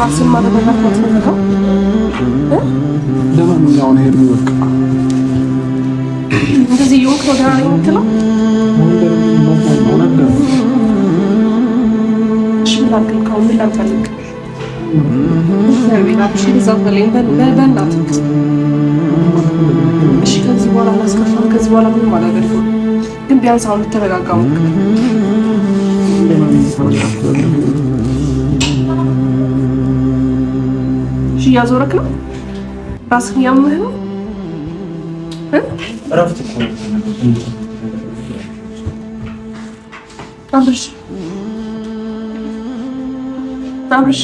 ራስን ማረጋጋት ማትፈልገው ለማንኛውን ሄድ ይወቅ እንደዚህ የወቅት ወደ ራሪ የምትለው ግን ቢያንስ አሁን ልትረጋጋ ልጅ እያዞረክ ነው? ራስን ያምህ ነው? እረፍት እኮ አብርሽ፣ አብርሽ፣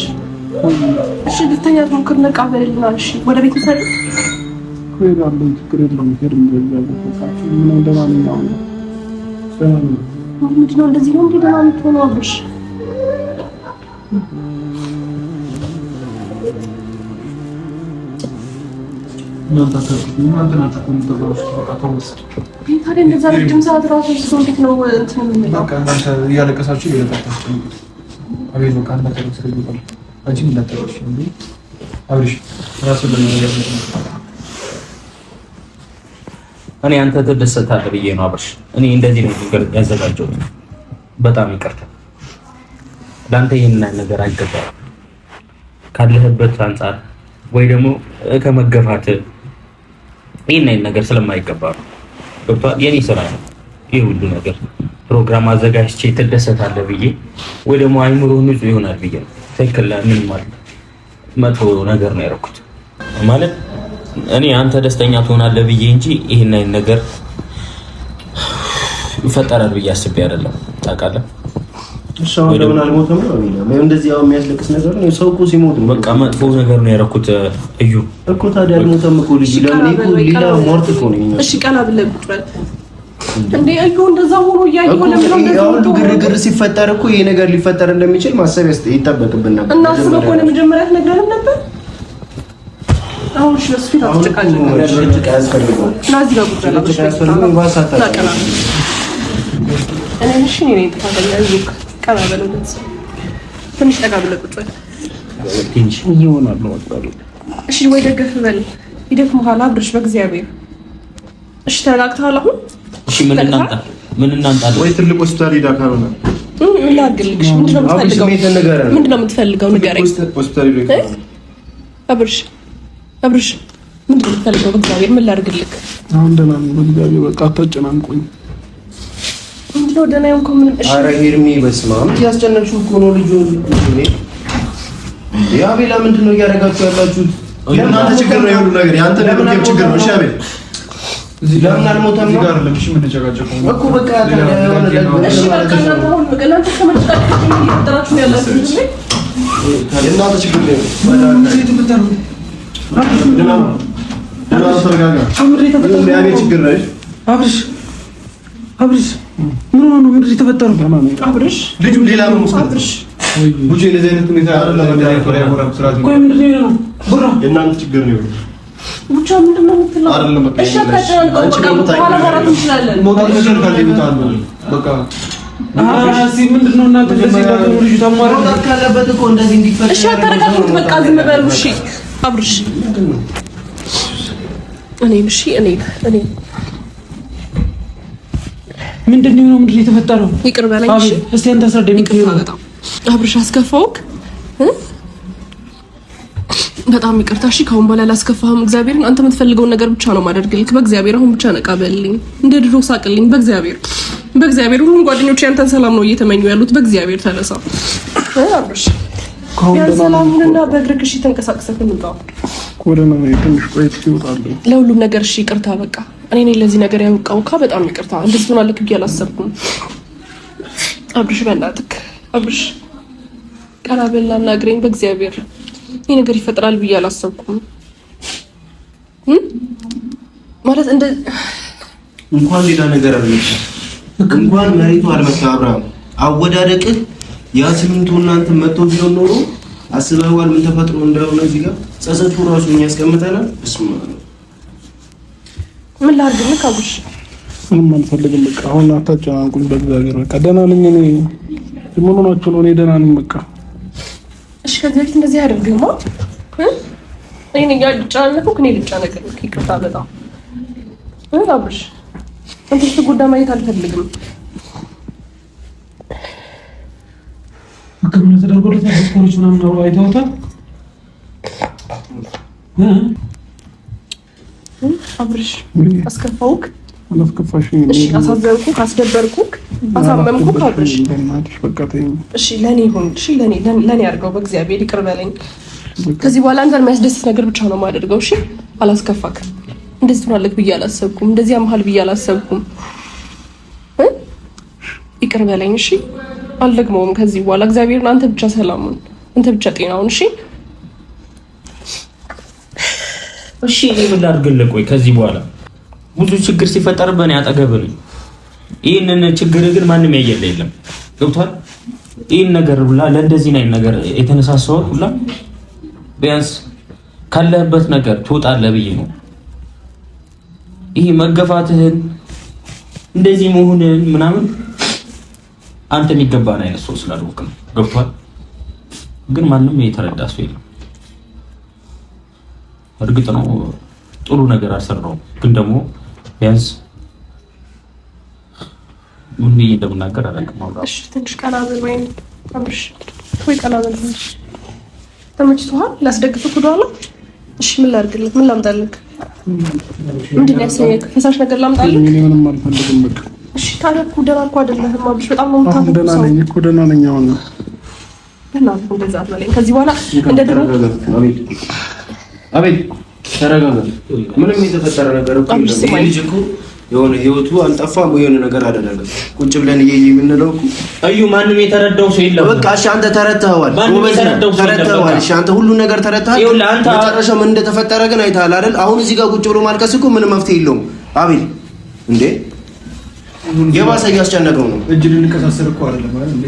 እሺ ልተኛ ትሞክር። ነቃ በልና እሺ፣ ወደ ቤት ሰ ሄዳለሁ። ችግር የለውም። ሄድ እንደማንኛውም ነው። ምንድነው እንደዚህ ነው እንዴ? ደህና የምትሆነው አብርሽ እናንተ አታውቅም። እንዴት ነው እንትን እኔ አንተ ትደሰታለህ ብዬ ነው አብርሽ። እኔ እንደዚህ ነው ነገር ያዘጋጀሁት። በጣም ይቅርታ ለአንተ ይህን ነገር አይገባም ካለህበት አንጻር ወይ ደግሞ ከመገፋት ይህን ነገር ስለማይገባ ነው። ገብቷል። የኔ ስራ ነው ይህ ሁሉ ነገር ፕሮግራም አዘጋጅቼ ትደሰታለህ ብዬ ወይ ደግሞ አይምሮ ንጹህ ይሆናል ብዬ ነው። ትክክል ምን ማለት መጥፎ ነገር ነው ያደረኩት ማለት እኔ አንተ ደስተኛ ትሆናለህ ብዬ እንጂ ይህን ነገር ይፈጠራል ብዬ አስቤ አይደለም። ታውቃለህ ለምን አልሞተም? እንደዚህ የሚያስለቅስ ነገር ነው። ሰው ሲሞት በቃ መጥፎ ነገር ነው ያደረኩት። እዩ እኮ ታዲያ አልሞተም እኮ ልጅ ለምን ሌላ ሞርት እኮ ነው። እሺ ቀና ብለህ ቁጭ በል እንዴ እዩ። እንደዛ ሆኖ እያየሁ ለምን እንደዚህ ሁሉ ግርግር ሲፈጠር እኮ ይሄ ነገር ሊፈጠር እንደሚችል ማሰብ ይጠበቅብን ነበር እና አስበህ እኮ ነው መጀመሪያ ትነግረን ነበር። አሁን እሺ በስፊት አትጨቃጨቅ ነገር ልጅ እዚህ ጋር ቁጭ በል እኔ እሺ ነኝ ተፈጠኛ እዩ ቀባበለው ትንሽ ጠጋ እሺ ወይ ደገፍ በል አብርሽ በእግዚአብሔር እሺ፣ ተረጋግተሃል አሁን? እሺ ምን እናንጣ ምን ወይ ትልቅ ሆስፒታል ሄዳ ካልሆነ ምን ላድርግልሽ? ምንድን ነው የምትፈልገው ንገረኝ። አብርሽ አብርሽ ምንድን ነው የምትፈልገው? በእግዚአብሔር ምን ላድርግልህ? አሁን ደህና ነኝ በእግዚአብሔር። በቃ አታጨናንቁኝ። ምንድነው ደህና ይሁን እያደረጋችሁ ያላችሁት? ችግር ነው ችግር ነው። አብርሽ አብርሽ ምን ሆኖ ነው እንደዚህ አብርሽ ልጁ ሌላ ነው። አብርሽ ልጁ ለዚህ አይነት ሁኔታ አይደለም። የእናንተ ችግር ነው። ብቻ ምንድን ነው የምትለው? አይደለም በቃ እሺ፣ በቃ ምንድን ነው እናንተ እንደዚህ ልጁ ታሟራት ካለበት እኮ እንደዚህ እንዲፈጠር እሺ፣ አታረጋግጥ በቃ ዝም በሉ እሺ። አብርሽ እሺ እኔ እኔ ምንድን ነው ምንድን ነው የተፈጠረው? ይቅር በለኝ እስቲ አንተ አስረዳኝ። ምንድን ነው አብርሽ አስከፋውክ? በጣም ይቅርታ እሺ። ከአሁን በኋላ ላስከፋህም። እግዚአብሔርን አንተ የምትፈልገውን ነገር ብቻ ነው ማደርግልክ። በእግዚአብሔር አሁን ብቻ ነቃ በልኝ፣ እንደ ድሮ ሳቅልኝ። በእግዚአብሔር በእግዚአብሔር ሁሉም ጓደኞች ያንተን ሰላም ነው እየተመኙ ያሉት። በእግዚአብሔር ተነሳ አብርሽ። ያን ሰላም ሁንና በእግርህ እሺ፣ ተንቀሳቅሰህ እንውጣ። ለሁሉም ነገር እሺ፣ ይቅርታ በቃ እኔ ለዚህ ነገር ያበቃው ካ በጣም ይቅርታ። እንደዚህ ሆናለክ ብዬ አላሰብኩም። አብርሽ በእናትህ አብርሽ ቀና በልና አናግረኝ። በእግዚአብሔር ይህ ነገር ይፈጥራል ብዬ አላሰብኩም። ማለት እንደ እንኳን ሌላ ነገር አለች እንኳን መሬቱ አልመጣ አብርሃም አወዳደቅህ ያ ስሚንቱ እናንተ መጥቶ ቢሆን ኖሮ አስበዋል ምን ተፈጥሮ እንደሆነ እዚህ ጋር ጸጸቱ ራሱ የሚያስቀምጠናል። ምን ላድርግልህ? አጉሽ ምንም አልፈልግም። በቃ አሁን አታጨናንቁኝ በእግዚአብሔር። በቃ ደህና ነኝ እኔ። ምን ሆናችሁ ነው? እኔ ደህና ነኝ። በቃ እሺ። ከዚህ በፊት እንደዚህ አያደርግማ። እኔ ነኝ ያልጨናነኩህ፣ እኔ ልጨነቅልህ። ይቅርታ በጣም አብርሽ፣ አንተ ስትጎዳ ማየት አልፈልግም። ሕክምና ተደርጎለት ምናምን አይተውታል። አብርሽ አስከፋውክ? አላስከፋሽም። አሳዘንኩ፣ አስደበርኩ፣ አሳመምኩ። አብርሽ እሺ፣ ለኔ ይሁን፣ እሺ፣ ለኔ ለኔ አድርገው፣ በእግዚአብሔር ይቅር በለኝ። ከዚህ በኋላ አንተን የሚያስደስት ነገር ብቻ ነው የማደርገው። እሺ፣ አላስከፋክ። እንደዚህ ትሆናለህ ብዬ አላሰብኩም። እንደዚህ ያምሃል ብዬ አላሰብኩም። ይቅር በለኝ። እሺ፣ አልደግመውም ከዚህ በኋላ እግዚአብሔርን። አንተ ብቻ ሰላሙን፣ አንተ ብቻ ጤናውን። እሺ እሺ እኔ ምን ላድርግልህ? ቆይ ከዚህ በኋላ ብዙ ችግር ሲፈጠር በእኔ አጠገብ ነኝ። ይህንን ችግር ግን ማንም ያየለ የለም። ገብቷል? ይህን ነገር ሁላ ለእንደዚህ ናይ ነገር የተነሳሰው ሁላ ቢያንስ ካለህበት ነገር ትወጣለህ ብዬ ነው። ይሄ መገፋትህን እንደዚህ መሆንህን ምናምን አንተ የሚገባን አይነት ሰው ስላልወቅ ነው። ገብቷል? ግን ማንም የተረዳ ሰው የለም። እርግጥ ነው ጥሩ ነገር አልሰራሁም፣ ግን ደግሞ ቢያንስ ምን ብዬ እንደምናገር አላውቅም። እሺ ትንሽ እሺ ምን ላድርግልህ? ምን ላምጣልህ? ምንድን ነው ፈሳሽ ነገር ላምጣልህ? እሺ ታዲያ እኮ ደህና እኮ አይደለህም በጣም ነው ደህና ነኝ እኮ ደህና ነኝ። አሁን ደህና ነኝ። እንደዛ አትበለኝ ከዚህ በኋላ እንደ ድሮ አቤት ተረጋጋ። ምንም የተፈጠረ ነገር እኮ ልጅ እኮ የሆነ ህይወቱ አልጠፋም ወይ የሆነ ነገር አደረገም። ቁጭ ብለን እየ የምንለው እኮ እዩ ማንም የተረዳው ሰው የለም። በቃ እሺ፣ አንተ ተረድተኸዋል፣ ተረድተኸዋል። እሺ፣ አንተ ሁሉ ነገር ተረድተሃል። መጨረሻ ምን እንደተፈጠረ ግን አይተሃል አይደል? አሁን እዚህ ጋር ቁጭ ብሎ ማልቀስ እኮ ምንም መፍትሄ የለውም። አቤት እንዴ የባሰ እያስጨነቀው ነው። እጅ ልንከሳሰር እኮ አይደለም አይደል? እንዴ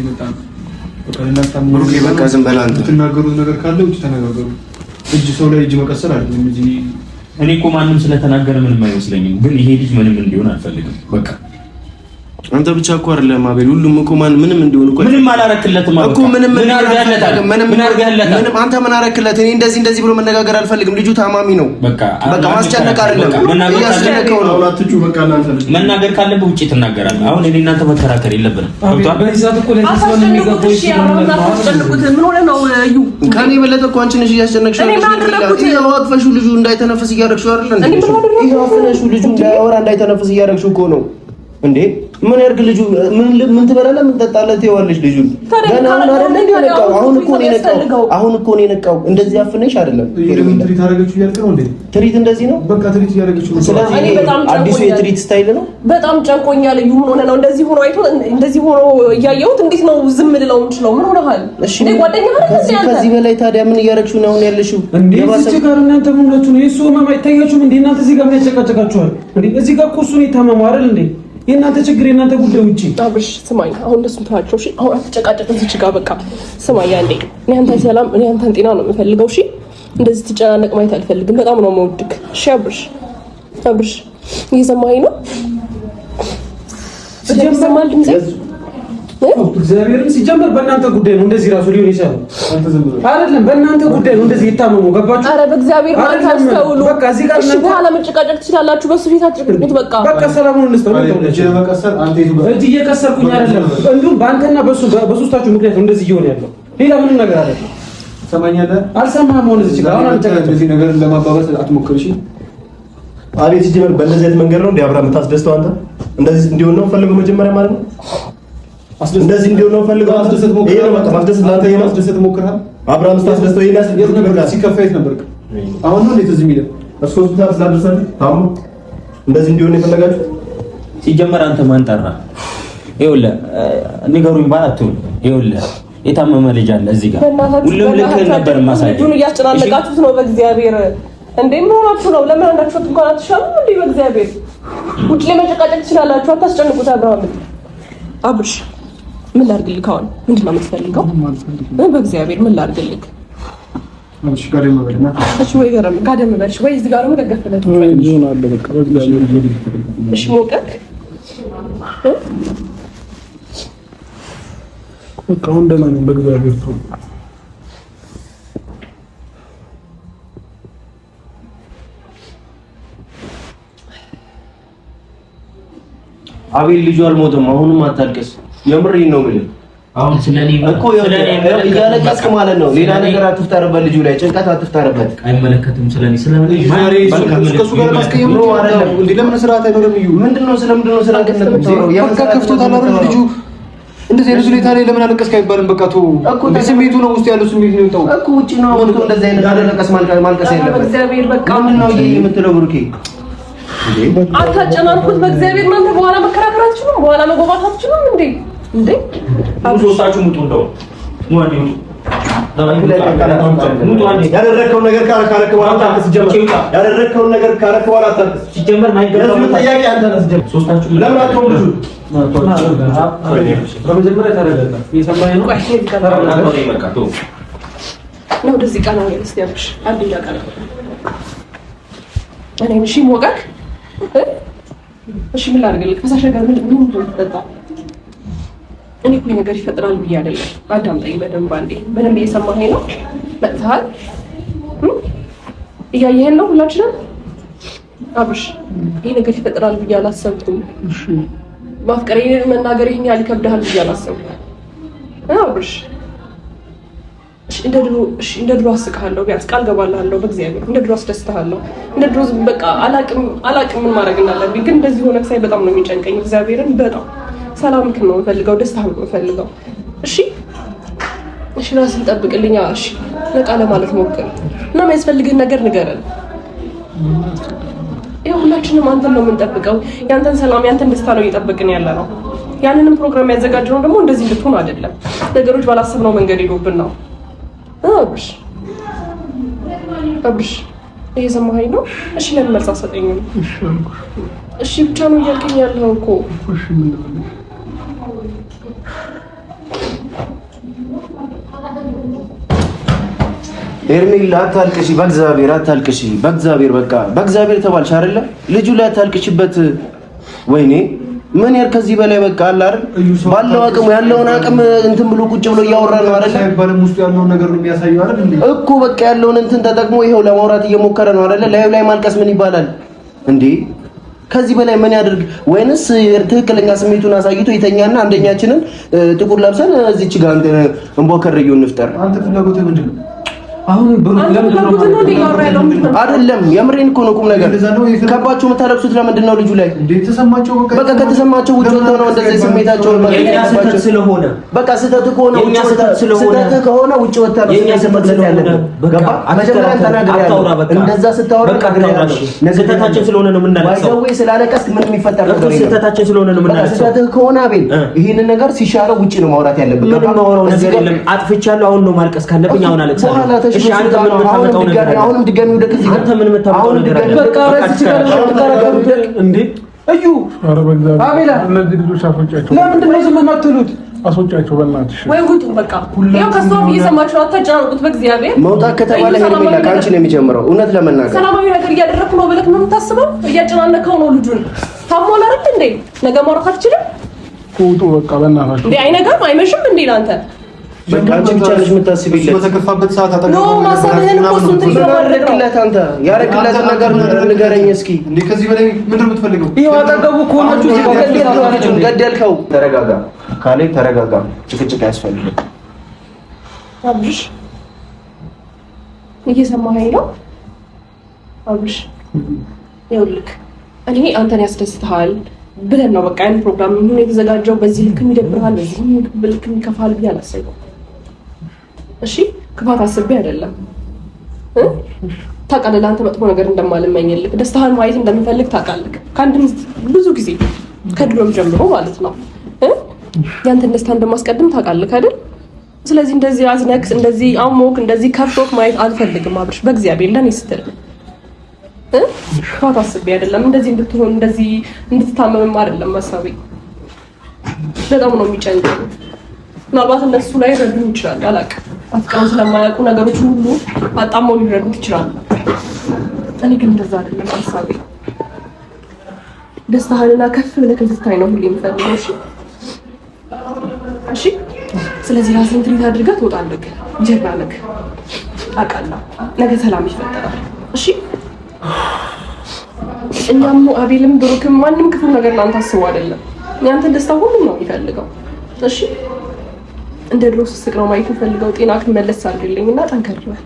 በቃ ዝም በል አንተ። የምትናገሩት ነገር ካለ ውጭ ተነጋገሩ እጅ ሰው ላይ እጅ መቀሰል አይደለም። እኔ እኮ ማንም ስለተናገረ ምንም አይመስለኝም፣ ግን ይሄ ልጅ ምንም እንዲሆን አልፈልግም በቃ አንተ ብቻ እኮ አይደለም አቤል፣ ሁሉም እኮ ማን ምንም እንደሆነ እኮ ምንም አላረክለትም እኮ ምንም ምን አርጋለታል? ምንም ምን ምንም አንተ ምን አረክለት? እኔ እንደዚህ እንደዚህ ብሎ መነጋገር አልፈልግም። ልጁ ታማሚ ነው። በቃ በቃ ማስጨነቅ አይደለም እያስጨነቀው ነው። አትጩ። በቃ እናንተ መናገር ካለብህ ውጪ ትናገራለህ። አሁን እኔ እናንተ መከራከር የለብንም። ከእኔ የበለጠ እኮ ለዚህ ሰው ምን ሆነ ነው እዩ ከኔ እኮ አንቺ ነሽ እያስጨነቅሽ ያለው። አቅፈሽው ልጁ እንዳይተነፍስ እያደረግሽው አይደል? ልጁ እንዳያወራ እንዳይተነፍስ እያደረግሽው እኮ ነው እንዴ ምን ያርግ ልጁ? ምን ምን ትበላለህ? ምን ትጠጣለህ? ትይዋለሽ ልጁ ገና አሁን አይደለ እንዴ ነቃው። አሁን እኮ ነው የነቃው። አሁን እኮ ነው የነቃው። እንደዚህ አፍነሽ አይደለም ትሪት አደረገችው እያልክ ነው እንዴ? ትሪት እንደዚህ ነው በቃ ትሪት እያደረገችው። ስለዚህ እኔ በጣም አዲሱ የትሪት ስታይል ነው። በጣም ጨንቆኛል። እዩ ምን ሆነ ነው እንደዚህ ሆኖ አይቶ እንደዚህ ሆኖ እያየሁት እንዴት ነው ዝም ልለው እንችለው? ምን ሆነሃል? እሺ እኔ ጓደኛ አይደል ከዚህ በላይ ታዲያ ምን እያደረግሽው ነው አሁን ያለሽው እንዴ? እዚህ ጋር እናንተ ምን ሁለቱ ነው የእሱ ህመም አይታያችሁም እንዴ? እናንተ እዚህ ጋር ምን ያጨቃጨቃችኋል እንዴ? እዚህ ጋር እኮ እሱ ነው የታመመው አይደል እንዴ? የእናንተ ችግር የእናንተ ጉዳይ ውጭ። አብርሽ ስማኝ፣ አሁን እነሱን ተዋቸው እሺ። አሁን አትጨቃጨቅ እዚህ ጋር በቃ ስማኝ፣ አንዴ እኔ አንተን ሰላም፣ እኔ አንተን ጤና ነው የምፈልገው እሺ። እንደዚህ ትጨናነቅ ማየት አልፈልግም። በጣም ነው የምወድክ እሺ። አብርሽ አብርሽ፣ እየሰማኸኝ ነው? ስለዚህ ሰማህ ድምጼ እግዚአብሔርን ሲጀመር በእናንተ ጉዳይ ነው። እንደዚህ ራሱ ሊሆን ይችላል አይደለም? በእናንተ ጉዳይ ነው እንደዚህ የታመመው ገባችሁ? ኧረ በእግዚአብሔር አታስተውሉ። በቃ እዚህ ጋር በኋላ መጨቃጨቅ ትችላላችሁ። በሱ ፊት በቃ በቃ ሰላሙን እንስተው እጅ እየቀሰርኩኝ አይደለም። እንዲሁም በአንተና በሱ በሶስታችሁ ምክንያት ነው እንደዚህ እየሆነ ያለው። ሌላ ምንም ነገር አይደለም። ትሰማኛለህ? አልሰማህም። ሆነ እዚህ ነገር ለማባባስ አትሞክር። እሺ አቤት። በእንደዚህ አይነት መንገድ ነው እንዲህ አብራ የምታስደስተው አንተ። እንደዚህ እንዲሆን ነው ፈልገው መጀመሪያ ማለት ነው እንደዚህ እንዲሆን ነው ፈልገው አስደስት ሞክረህ ነው። በቃ ማስደሰት አንተ ይሄ ማስደሰት ሞክረህ አብርሃም ስታስደስተው ይሄን ያስደሰት ነበር። ሲከፋየት ነበር። አሁን ነው እንዴት እዚህ የሚለው እሱ ሆስፒታል ስላደረሰን ታሙ እንደዚህ እንዲሆን የፈለጋችሁ ሲጀመር አንተ ማን ጠራህ? ይኸውልህ ንገሩኝ ባላቱ አትሁን። ይኸውልህ የታመመ ልጅ አለ እዚህ ጋር ሁሉም ልክ ነበር። ማሳጅ ልጁን እያስጨናነቃችሁት ነው። በእግዚአብሔር እንዴ ምን ሆናችሁ ነው? ለምን አንዳችሁት እንኳን አትሻሉ እንዴ? በእግዚአብሔር ውጭ ላይ መጨቃጨቅ ትችላላችሁ። አታስጨንቁት አብርሃም አብርሽ ምን ላድርግልህ? አሁን ምንድን ነው የምትፈልገው? በእግዚአብሔር ምን ላድርግልህ? ወይ ገረም ጋደም በልሽ ወይ እዚህ ጋር ደገፍ ሞቀክ አሁን ደህና ነኝ በእግዚአብሔር አቤል ልጁ አልሞተም። አሁንም አታልቅስ የምሬ ነው የምልህ። አሁን ስለኔ እኮ እያለቀስክ ማለት ነው። ሌላ ነገር አትፍጠርበት፣ ልጁ ላይ ጭንቀት አትፍጠርበት። አይመለከትም። ስለኔ ስለኔ ለምን ስርዓት አይኖርም? እዩ እንደዚህ አይነት ሁኔታ ላይ ለምን አለቀስክ አይባልም። በቃ ተው፣ ስሜቱ ነው ውስጥ ያለው ስሜት ነው። ተው እኮ ውጪ ነው አሁን እንደዚህ አይነት አለቀስ ማልቀስ የለበትም። እግዚአብሔር በቃ ምንድነው ይሄ የምትለው ብሩኬ አታጨናንኩት በእግዚአብሔር እናንተ በኋላ መከራከራችሁ ነው፣ በኋላ መጎባታችሁ ነው። እንዴ እንዴ ብዙዎቻችሁ ሙጡ፣ እንደው ሙአኒ ሙጡ። ነገር ካረክ በኋላ ሲጀመር እሺ ምን ላድርግልህ? ፈሳሽ ነገር ምን ምን ትጠጣ? እኔ እኮ ነገር ይፈጥራል ብዬ አይደለም። አዳምጠኝ በደንብ አንዴ። በደንብ እየሰማኸኝ ነው? መጥተሃል፣ እያየኸን ነው ሁላችንም። አብሽ ይሄ ነገር ይፈጥራል ብዬ አላሰብኩም። ማፍቀሬን መናገር ይሄን ያህል ይከብድሃል ብዬ አላሰብኩም አብሽ እንደ ድሮ አስቃለሁ፣ ቢያንስ ቃል ገባላለሁ። በእግዚአብሔር እንደ ድሮ አስደስታለሁ። እንደ ድሮ በቃ አላቅም ምን ማድረግ እንዳለብኝ። ግን እንደዚህ ሆነ ሳይ በጣም ነው የሚጨንቀኝ። እግዚአብሔርን በጣም ሰላምክን ነው የምፈልገው፣ ደስታህን ነው የምፈልገው። እሺ እሺ፣ ራስን ጠብቅልኝ። እሺ ነቃ ለማለት ሞክር እና የሚያስፈልግህን ነገር ንገረን። ይኸው ሁላችንም አንተን ነው የምንጠብቀው። ያንተን ሰላም፣ ያንተን ደስታ ነው እየጠበቅን ያለ ነው። ያንንም ፕሮግራም ያዘጋጀነው ደግሞ እንደዚህ እንድትሆን አይደለም። ነገሮች ባላሰብነው መንገድ ሄዶብን ነው አብሽ አብሽ እየሰማኸኝ ነው? እሺ ለምን መልስ አትሰጠኝም? እሺ ብቻ ነው እያልከኝ ያለው እኮ ኤርሜላ አታልቅሺ፣ በእግዚአብሔር አታልቅሺ፣ በእግዚአብሔር በቃ በእግዚአብሔር ተባልሽ አይደለ? ልጁ ላይ አታልቅሽበት። ወይኔ ምን ያህል ከዚህ በላይ በቃ አለ አይደል? ባለው አቅም ያለውን አቅም እንትን ብሎ ቁጭ ብሎ እያወራ ነው አይደል? ሳይባልም ያለውን ነገር ነው የሚያሳየው አይደል? እኮ በቃ ያለውን እንትን ተጠቅሞ ይሄው ለማውራት እየሞከረ ነው አይደል? ላይ ላይ ማልቀስ ምን ይባላል እንዴ? ከዚህ በላይ ምን ያደርግ? ወይንስ ትክክለኛ ስሜቱን አሳይቶ ይተኛና አንደኛችንን ጥቁር ለብሰን እዚች ጋር እንቦከር እንፍጠር። አንተ ፍላጎትህ ምንድን ነው? አሁን ብሩክ አይደለም የምሬን እኮ ነው። ቁም ነገር ከባችሁ የምታለቅሱት ለምንድን ነው? ልጁ ላይ በቃ ከተሰማቸው ውጭ ወጥተው ነው እንደዚህ ስሜታቸው ስለሆነ በቃ ስህተት ከሆነ ስህተት ከሆነ ውጭ ወጥተህ ነው ገባ ያለው እንደዛ ስህተታችን ስለሆነ ነው የምናለቅሰው። የሚፈጠር ስለሆነ ነው ስህተትህ ከሆነ አቤል ይህንን ነገር ሲሻለው ውጭ ነው ማውራት ያለብህ። አጥፍቻለሁ አሁን ነው ማልቀስ ካለብኝ አሁን አለቅሳለሁ። አስወጫቸው በእናትሽ ወይ ውጡ። በቃ ያው ከሷ እየሰማችሁ አታጨናንቁት። በእግዚአብሔር መውጣት ከተባለ ሄርሜላ ከአንቺ ነው የሚጀምረው። እውነት ለመናገር ሰላማዊ ነገር እያደረግኩ ነው ብለህ ነው የምታስበው? እያጨናነከው ነው ልጁን። ታሟል አይደል እንዴ? ነገ ማውራት አትችልም። ውጡ በቃ በእናታችሁ። አይነጋም አይመሽም እንዴ ለአንተ በቃ አንቺ ብቻ ነሽ የምታስቢለት። በተከፋበት ሰዓት አጠገቡ ማሳብህን እኮ እሱን ትያደርግለት አንተ ነገር ንገረኝ እስኪ። ከዚህ በላይ ምንድን ነው የምትፈልገው? አጠገቡ ከሆነች ገደልከው። ተረጋጋ ካሌ፣ ተረጋጋ። ጭቅጭቅ አያስፈልግም። እየሰማኸኝ ነው? ይኸውልህ እኔ አንተን ያስደስትሃል ብለን ነው በቃ ይሄን ፕሮግራም ምን የተዘጋጀው። በዚህ ልክ የሚደብርሃል፣ በዚህ ልክ የሚከፋል ብዬ አላሰብኩም። እሺ ክፋት አስቤ አይደለም። ታውቃለህ፣ ለአንተ መጥፎ ነገር እንደማልመኝልህ ደስታህን ማየት እንደምፈልግ ታውቃለህ። ከአንድም ብዙ ጊዜ ከድሮም ጀምሮ ማለት ነው ያንተን ደስታ እንደማስቀድም ታውቃለህ አይደል? ስለዚህ እንደዚህ አዝነክስ፣ እንደዚህ አሞክ፣ እንደዚህ ከፍቶክ ማየት አልፈልግም አብርሽ። በእግዚአብሔር ለኔ ስትል ክፋት አስቤ አይደለም። እንደዚህ እንድትሆን እንደዚህ እንድትታመምም አይደለም ሀሳቤ። በጣም ነው የሚጨንቀው። ምናልባት እነሱ ላይ ረዱ ይችላል አላውቅም አፍቃውን ስለማያውቁ ነገሮች ሁሉ አጣመው ሊረዱት ይችላሉ እኔ ግን እንደዛ አይደለም ሀሳቤ። ደስታህንና ከፍ ብለህ እንድታይ ነው ሁሌ የምፈልገው። እሺ፣ እሺ። ስለዚህ ራስን ትሪት አድርገህ ትወጣለህ። ጀግና ነህ፣ አውቃለሁ። ነገ ሰላም ይፈጠራል። እሺ። እኛም አቤልም ብሩክም ማንም ክፉ ነገር ላንተ አስቡ አይደለም። ያንተ ደስታ ሁሉ ነው የሚፈልገው። እሺ እንደ ድሮ ስስቅ ነው ማየት ፈልገው ጤና መለስ አድርግልኝ እና ጠንከር ይበል።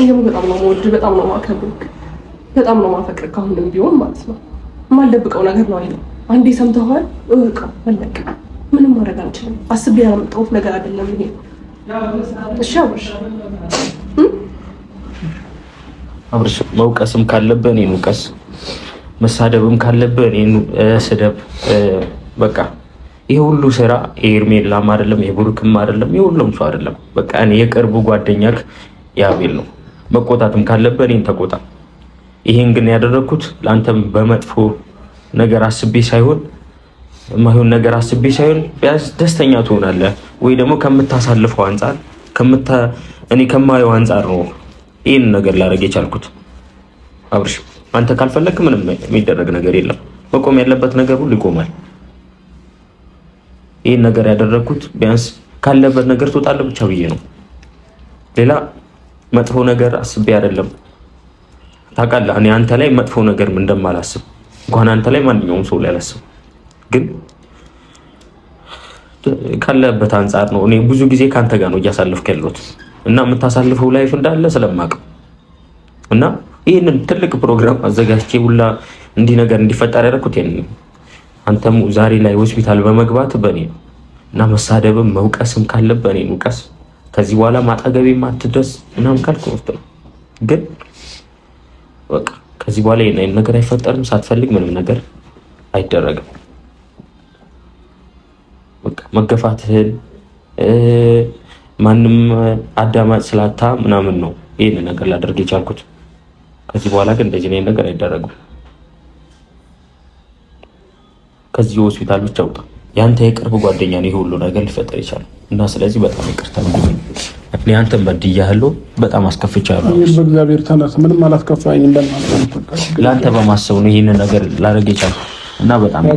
ይህም በጣም ነው መወድ፣ በጣም ነው ማከብርክ፣ በጣም ነው ማፈቅር። ካሁንም ቢሆን ማለት ነው የማልደብቀው ነገር ነው አይደል? አንዴ ሰምተኋል፣ እቃ መለቅ ምንም ማድረግ አንችልም። አስቤ ያመጣሁት ነገር አይደለም ይሄ። እሺ አብርሽ አብርሽ መውቀስም ካለብህ እኔን ውቀስ፣ መሳደብም ካለብህ እኔን ስደብ። በቃ ይህ ሁሉ ስራ የኤርሜላም አይደለም የብሩክም አይደለም የሁሉም ሰው አይደለም። በቃ እኔ የቅርቡ ጓደኛክ የአቤል ነው። መቆጣትም ካለበ እኔን ተቆጣ። ይህን ግን ያደረግኩት ለአንተም በመጥፎ ነገር አስቤ ሳይሆን የማይሆን ነገር አስቤ ሳይሆን ቢያንስ ደስተኛ ትሆናለህ ወይ ደግሞ ከምታሳልፈው አንጻር እኔ ከማየው አንጻር ነው ይህን ነገር ላደርግ የቻልኩት። አብርሽ አንተ ካልፈለግክ ምንም የሚደረግ ነገር የለም። መቆም ያለበት ነገር ሁሉ ይቆማል። ይህን ነገር ያደረግኩት ቢያንስ ካለበት ነገር ትወጣለህ ብቻ ብዬ ነው። ሌላ መጥፎ ነገር አስቤ አይደለም። ታውቃለህ፣ እኔ አንተ ላይ መጥፎ ነገር እንደማላስብ እንኳን አንተ ላይ ማንኛውም ሰው ላይ አላስብ። ግን ካለበት አንጻር ነው። እኔ ብዙ ጊዜ ከአንተ ጋር ነው እያሳለፍክ ያለሁት እና የምታሳልፈው ላይፍ እንዳለ ስለማቅም እና ይህንን ትልቅ ፕሮግራም አዘጋጅቼ ሁላ እንዲህ ነገር እንዲፈጠር ያደረኩት አንተም ዛሬ ላይ ሆስፒታል በመግባት በእኔ ነው እና መሳደብም መውቀስም ካለ በእኔ ውቀስ። ከዚህ በኋላ ማጠገቤ ማትድረስ ምናምን ካልክ መፍት ነው። ግን በቃ ከዚህ በኋላ ነገር አይፈጠርም። ሳትፈልግ ምንም ነገር አይደረግም። በቃ መገፋትህን ማንም አዳማጭ ስላታ ምናምን ነው ይህን ነገር ላደርግ የቻልኩት። ከዚህ በኋላ ግን እንደዚህ ነገር አይደረግም። ከዚህ ሆስፒታል ብቻ ውጣ። የአንተ የቅርብ ጓደኛ ነው ይህ ሁሉ ነገር ሊፈጠር ይቻላል። እና ስለዚህ በጣም ይቅርታ ወንድሜ፣ አንተን በድያለሁ፣ በጣም አስከፍቻለሁ። በእግዚአብሔር ተነስ፣ ምንም አላስከፋኝም። ለአንተ በማሰብ ነው ይህንን ነገር ላደርግ የቻልኩት እና በጣም ምንም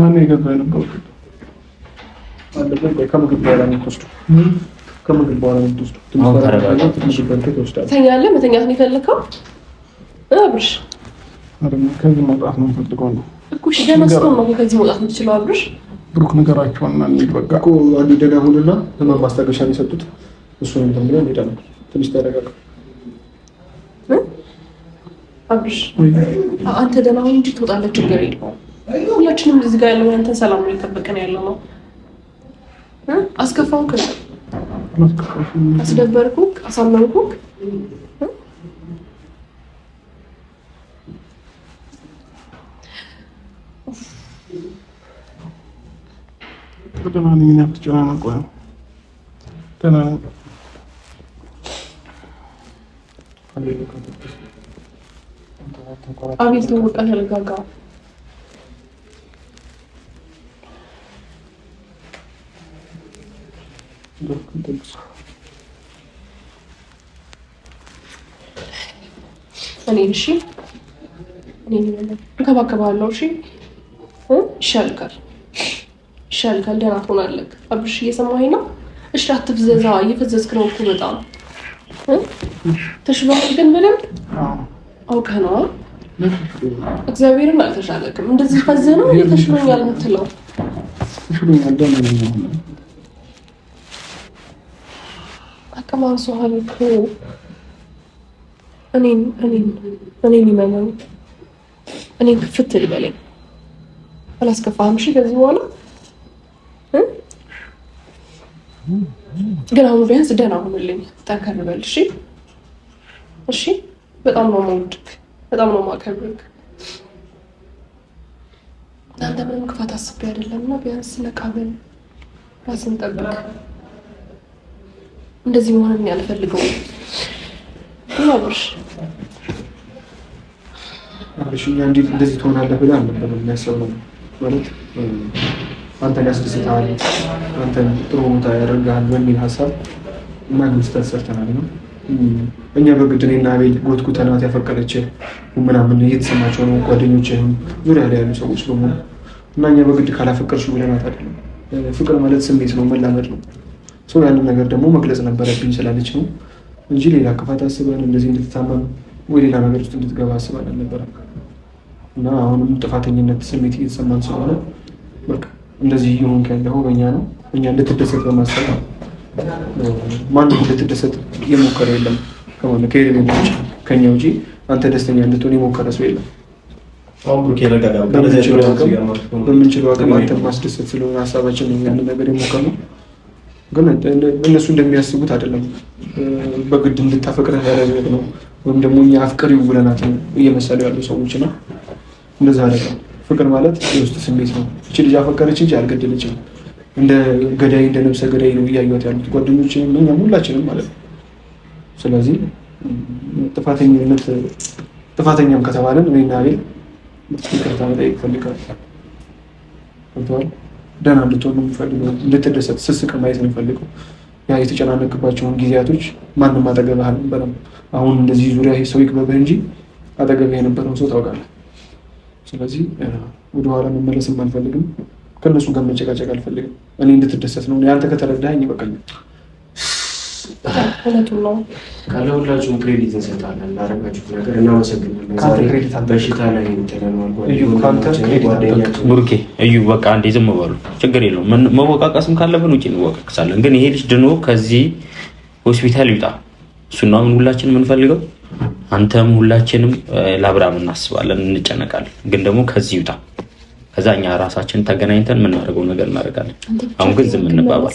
ማነው የገባ የነበረው? ከምግብ በኋላ የምትወስደው መተኛት የፈለከው? አብርሽ ከዚህ መውጣት ነው የምፈልገው ነው እኮ ብሩክ ነገራቸውን እና በቃ እኮ አንዴ ሁንና ህመም ማስታገሻ የሰጡት። እሱን እንትን ትንሽ ተረጋጋ አብርሽ። አንተ ደህና ሁን እንጂ ትወጣለህ፣ ችግር የለውም ሁላችንም እዚህ ጋር ያለው ያንተ ሰላም ነው የጠበቀን ያለው ነው። አስከፋውክ፣ አስደበርኩክ፣ አሳመንኩክ አቤት ተወቃ ተረጋጋ። እኔን እሺ፣ እኔን እንከባከባለሁ። እሺ፣ ይሻልካል፣ ይሻልካል፣ ደህና ትሆናለህ። አብርሽ እየሰማኸኝ ነው? እሺ፣ አትፍዘዛ። እየፈዘዝክ ነው እኮ በጣም ተሽሎሃል። ግን በደምብ አውቀህ ነው እግዚአብሔርን አልተሻለክም። እንደዚህ ፈዘህ ነው ተሽሎኛል የምትለው። ቅማሷ እኮ እኔን እኔን እኔን ይመናኝ እኔን ክፍት ልበለኝ። አላስከፋህም? እሺ ከዚህ በኋላ ግን አሁን ቢያንስ ደህና ሁንልኝ፣ ጠንከር በል። እሺ እሺ። በጣም ነው የምወድህ፣ በጣም ነው የማከብርህ። እናንተ ምንም ክፋት አስቤ አይደለም እና ቢያንስ ነቃ በል፣ ራስን ጠብቅ። እንደዚህ መሆን እኔ አልፈልገውም። ይኸውልሽ እኛ እንዴት እንደዚህ ትሆናለህ ብለህ አልነበረ የሚያሰብነው ማለት አንተን ያስደስተሃል፣ አንተን ጥሩ ቦታ ያደርግሃል በሚል ሀሳብ ማንም ስህተት ሰርተናል ነው እኛ በግድ እኔና ቤት ጎትጉተናት ያፈቀደች ምናምን እየተሰማቸው ነው ጓደኞችህም ዙሪያ ላይ ያሉ ሰዎች በሙሉ እና እኛ በግድ ካላፈቀርሽ ብለናት አይደለም። ፍቅር ማለት ስሜት ነው፣ መላመድ ነው። ሰው ያንን ነገር ደግሞ መግለጽ ነበረብኝ ስላለች ነው እንጂ ሌላ ክፋት አስበን እንደዚህ እንድትታመም ወይ ሌላ ነገር ውስጥ እንድትገባ አስበን አልነበረም። እና አሁንም ጥፋተኝነት ስሜት እየተሰማን ስለሆነ እንደዚህ እየሆንክ ያለው በእኛ ነው። እኛ እንድትደሰት በማሰብ ማንም እንድትደሰት የሞከረ የለም ከሆነ ከሌሎች ከኛ ውጪ አንተ ደስተኛ እንድትሆን የሞከረ ሰው የለም። በምንችለው አቅም አንተን ማስደሰት ስለሆነ ሀሳባችን ያንን ነገር የሞከርነው ግን እነሱ እንደሚያስቡት አይደለም። በግድ እንድታፈቅረ ያደረግ ነው ወይም ደግሞ እኛ አፍቅር ይውለናት እየመሰሉ ያሉ ሰዎች ነው። እንደዛ አይደለም። ፍቅር ማለት የውስጥ ስሜት ነው። እቺ ልጅ አፈቀረች እንጂ አልገደለችም። እንደ ገዳይ እንደ ነብሰ ገዳይ ነው እያዩት ያሉት ጓደኞች፣ እኛም ሁላችንም ማለት ነው። ስለዚህ ጥፋተኝነት ጥፋተኛም ከተባለን እኔና ቤል ይቅርታ መጠየቅ እፈልጋለሁ። ደህና እንድትሆን የምፈልገው እንድትደሰት፣ ስስቅ ማየት ነው የምፈልገው። ያ የተጨናነቅባቸውን ጊዜያቶች ማንም አጠገብህ አልነበረም። አሁን እንደዚህ ዙሪያ ሰው ይክበብህ እንጂ አጠገብህ የነበረውን ሰው ታውቃለህ። ስለዚህ ወደኋላ መመለስም አልፈልግም። ከእነሱ ጋር መጨቃጨቅ አልፈልግም። እኔ እንድትደሰት ነው። አንተ ከተረዳኸኝ ይበቃኛል። እውነቱን ነው። ለሁላችሁም ክሬዲት እንሰጣለን። ላደረጋችሁት ነገር እናመሰግናለን። በሽታ ላይ ብሩኬ እዩ፣ በቃ አንዴ ዝም በሉ፣ ችግር የለውም። መወቃቀስም ካለብን ውጭ እንወቃቀሳለን። ግን ይሄ ልጅ ድኖ ከዚህ ሆስፒታል ይውጣ። እሱና ምን ሁላችን የምንፈልገው አንተም ሁላችንም ለአብርሃም እናስባለን፣ እንጨነቃለን። ግን ደግሞ ከዚህ ይውጣ። ከዛ እኛ ራሳችን ተገናኝተን የምናደርገው ነገር እናደርጋለን። አሁን ግን ዝም እንባባል።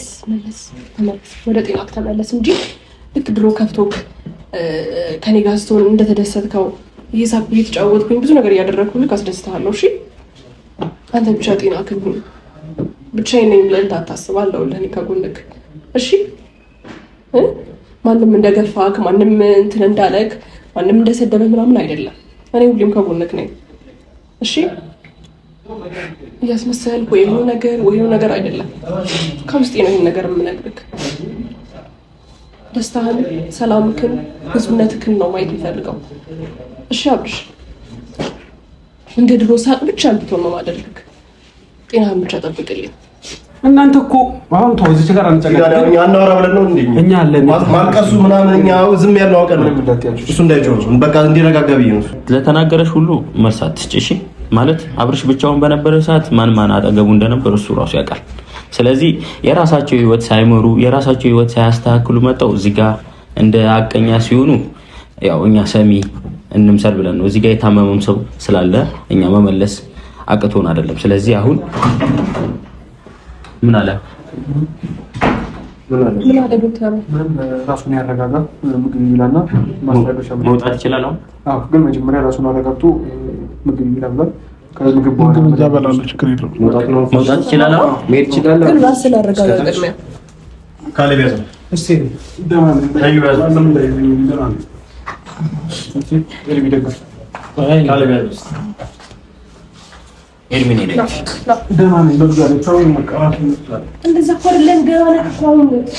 ወደ ተመለስ እንጂ ልክ ድሮ ከፍቶ ከኔ ጋር ስትሆን እንደተደሰትከው እየሳኩ እየተጫወትኩኝ ብዙ ነገር እያደረግኩ ልክ አስደስተሃለሁ። እሺ አንተ ብቻ ጤና ክ ብቻዬን ነኝ ብለህ እንዳታስብ፣ አለሁልህ ከጎንክ እሺ ማንም እንደገፋክ ማንም እንትን እንዳለክ ማንም እንደሰደበ ምናምን አይደለም። እኔ ሁሌም ከጎንክ ነኝ። እሺ እያስመሰልክ ወይ የሆነ ነገር ወይ የሆነ ነገር አይደለም፣ ከውስጤ ነው ይህን ነገር የምነግርህ። ደስታህን፣ ሰላምክን፣ ህዝብነትክን ነው ማየት የሚፈልገው። እሺ አብርሽ፣ እንደ ድሮ ሳቅ ብቻ እንድትሆን ነው ማደርግህ። ጤናህን ብቻ ጠብቅልኝ። እናንተ እኮ አሁን ተው፣ እዚህ ጋር አንጨቀቅ አናወራ ብለን ነው እንዴ? እኛ አለን ማልቀሱ ምናምን እኛ ዝም ያለው አውቀን ነው። እሱ እንዳይጮህ በቃ እንዲረጋጋ ብዬ ነው ለተናገረሽ ሁሉ መርሳት ትችሽ ማለት አብርሽ ብቻውን በነበረ ሰዓት ማን ማን አጠገቡ እንደነበር እሱ ራሱ ያውቃል። ስለዚህ የራሳቸው ህይወት ሳይመሩ የራሳቸው ህይወት ሳያስተካክሉ መጠው እዚህ ጋር እንደ አቀኛ ሲሆኑ ያው እኛ ሰሚ እንምሰል ብለን ነው። እዚህ ጋር የታመመም ሰው ስላለ እኛ መመለስ አቅቶን አይደለም። ስለዚህ አሁን ምን አለ ራሱን ያረጋጋ ምግብ ይብላና መውጣት ይችላል። ግን መጀመሪያ ራሱን አረጋግቶ ምግብ ይብላ ከምግብ በኋላ መውጣት ይችላል። መሄድ ይችላል። ኤድሚን ሄደ። ደህና ነኝ በእግዚአብሔር ሰው መቀራት ይመስላል። እንደዛ እኮ አይደለም። ገና ነህ እኮ አሁን መብራት